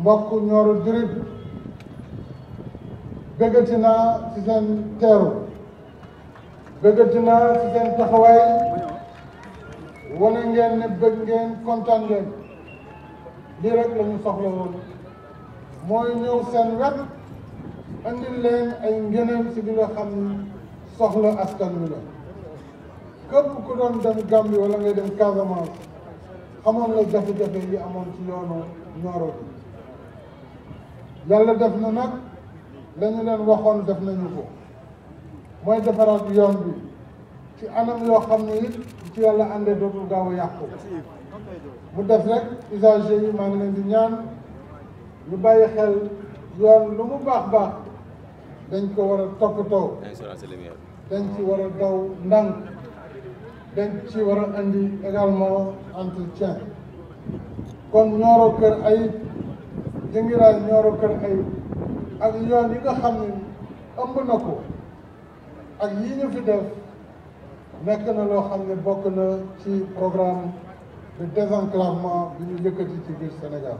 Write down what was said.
mbokk ñooru dirib bëggati naa ci seen teeru bëggati ci seen taxawaay wane ngeen ne bëgg ngeen kontaan ngeen lii rek la soxla woon mooy ñëw seen wet andil leen ay ngëneel ci li nga xam soxla askan wi la kamu kurang doon kami orang wala ngay dem Casamance amoon jadi jafe-jafe yi amoon ci yoonu Nioro bi yàlla def na nak la leen waxoon def nañu ko mooy defaraat yoon bi ci anam yoo xam ne it ci yàlla àndee dootul gaaw a yàqu mu def rek usagers yi maa ngi leen di ñaan xel yoon lu mu dañ ci war a andi également entretien kon Nioro Kër Ayib Dingiraay Nioro Kër Ayib ak yoon yi nga xam ne ëmb na ko ak yi ñu def nekk na loo xam ne bokk na ci programme de désenclavement bi ñu yëkkati ci biir Sénégal